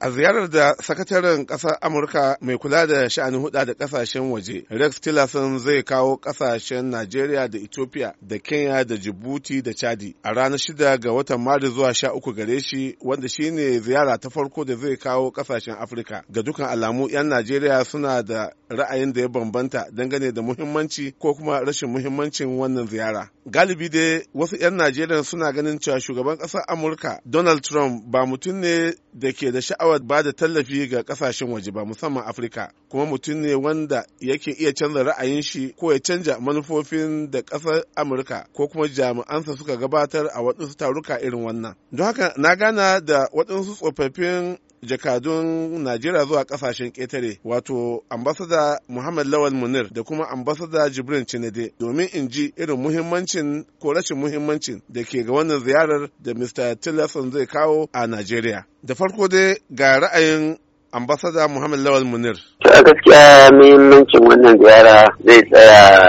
A ziyarar da sakataren ƙasar Amurka mai kula da sha'anin huda da ƙasashen waje, Rex Tillerson zai kawo ƙasashen Najeriya da Ethiopia da Kenya da Djibouti da Chadi a ranar shida ga watan Maris zuwa sha uku gare shi wanda shine ziyara ta farko da zai kawo ƙasashen Afirka. Ga dukan alamu 'yan Najeriya suna da ra'ayin da ya bambanta dangane da muhimmanci ko kuma rashin muhimmancin wannan ziyara. Galibi dai wasu 'yan Najeriya suna ganin cewa shugaban ƙasar Amurka Donald Trump ba mutum ne da ke da sha'awar ba da tallafi ga ƙasashen waje ba musamman Afirka kuma mutum ne wanda yake iya canza ra'ayin shi ko ya canza manufofin da ƙasar Amurka ko kuma jami'ansa suka gabatar a waɗansu taruka irin wannan. Don haka na gana da waɗansu tsofaffin jakadun Najeriya zuwa kasashen ƙetare wato ambasada Muhammad Lawal Munir da kuma ambasada Jibrin Cinede domin in ji irin muhimmancin ko rashin muhimmancin da ke ga wannan ziyarar da Mr. Tillerson zai kawo a Najeriya. Da farko dai ga ra'ayin ambasada Muhammad Lawal Munir. Ta gaskiya muhimmancin wannan ziyara zai tsaya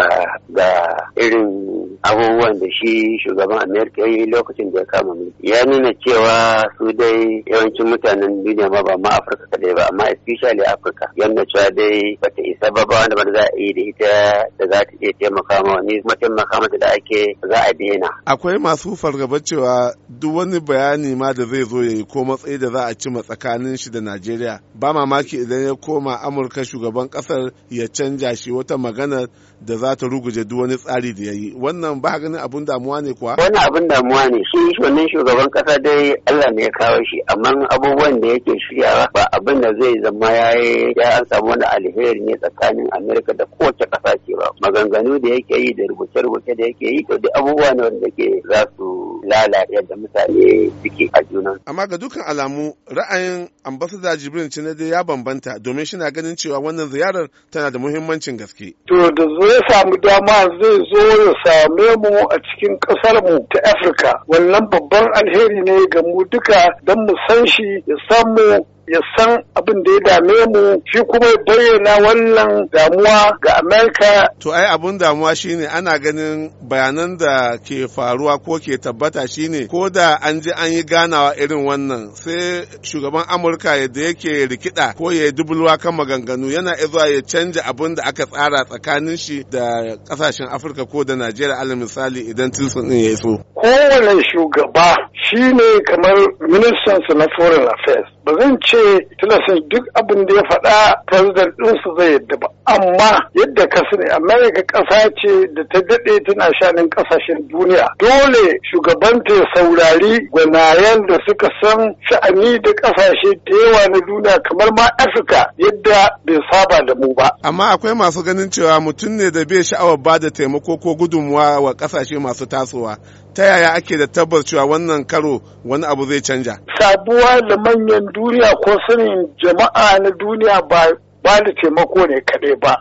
ga irin abubuwan da shi shugaban amerika yi lokacin da ya kama mulki ya nuna cewa su dai yawancin mutanen duniya ma ba ma afirka kadai ba amma especially afirka yadda cewa dai bata isa ba ba wanda ba za a yi da ita da za ta iya taimaka ma wani kuma taimaka mata da ake za a daina akwai masu fargaba cewa duk wani bayani ma da zai zo ya yi ko matsayi da za a ci tsakanin shi da najeriya ba mamaki idan ya koma amurka shugaban kasar ya canja shi wata maganar da za ta ruguje duk wani tsari da ya yi wannan wannan ba ganin abun damuwa ne kuwa wannan abun damuwa ne shi wannan shugaban kasa dai Allah ne ya kawo shi amma abubuwan da yake shiryawa ba abin da zai zama ya ya an samu wani alheri ne tsakanin Amerika da kowace kasa ke ba maganganu da yake yi da rubuce-rubuce da yake yi to duk abubuwa ne wanda ke za su lalariya da mutane suke a juna. Amma ga dukkan alamu ra'ayin ambasada Jibrin Cinade ya bambanta domin shi na ganin cewa wannan ziyarar tana da muhimmancin gaske. To da zai samu dama zai zo ya same mu a cikin ƙasar mu ta Afirka. Wannan babban alheri ne ga mu duka don mu san shi ya san mu ya san abin da ya dame mu shi kuma ya bayyana wannan damuwa ga Amerika. To ai abin damuwa shine ana ganin bayanan da ke faruwa ko ke tabbata shine ko da an ji an yi ganawa irin wannan sai shugaban Amurka yadda yake rikida ko ya yi dubulwa kan maganganu yana izuwa ya canja abin da aka tsara tsakanin shi da kasashen Afirka ko da Najeriya alal misali idan tilson din ya so. Kowane shugaba shine kamar ministansa na foreign affairs ba zan ce tilasin duk abin da ya faɗa president ɗinsu zai yadda ba amma yadda ka sani Amerika ƙasa ce da ta daɗe tana shanin ƙasashen duniya dole shugabanta ya saurari gwanayen da suka san sha'ani da ƙasashe da yawa na duniya kamar ma afirka yadda bai saba da mu ba amma akwai masu ganin cewa mutum ne da bai sha'awar ba da taimako ko gudunmuwa wa ƙasashe masu tasowa ta yaya ake da tabbas cewa wannan karo wani abu zai canja sabuwa da manyan duniya ko sanin jama'a na duniya ba ba da taimako ne kaɗai ba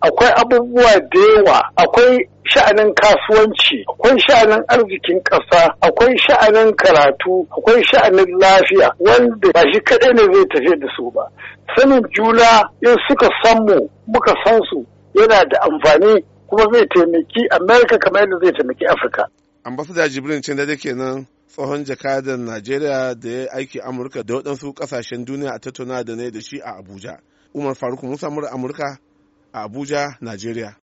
akwai abubuwa da yawa akwai sha'anin kasuwanci akwai sha'anin arzikin ƙasa akwai sha'anin karatu akwai sha'anin lafiya wanda ba shi kaɗai ne zai tafi da su ba sanin juna in suka san mu muka san su yana da amfani kuma zai taimaki amerika kamar yadda zai taimaki afirka ambasada jibrin cin da kenan tsohon jakadar najeriya da ya aiki amurka da waɗansu ƙasashen duniya a tattauna da ne da shi a abuja umar faruk musa amurka a abuja najeriya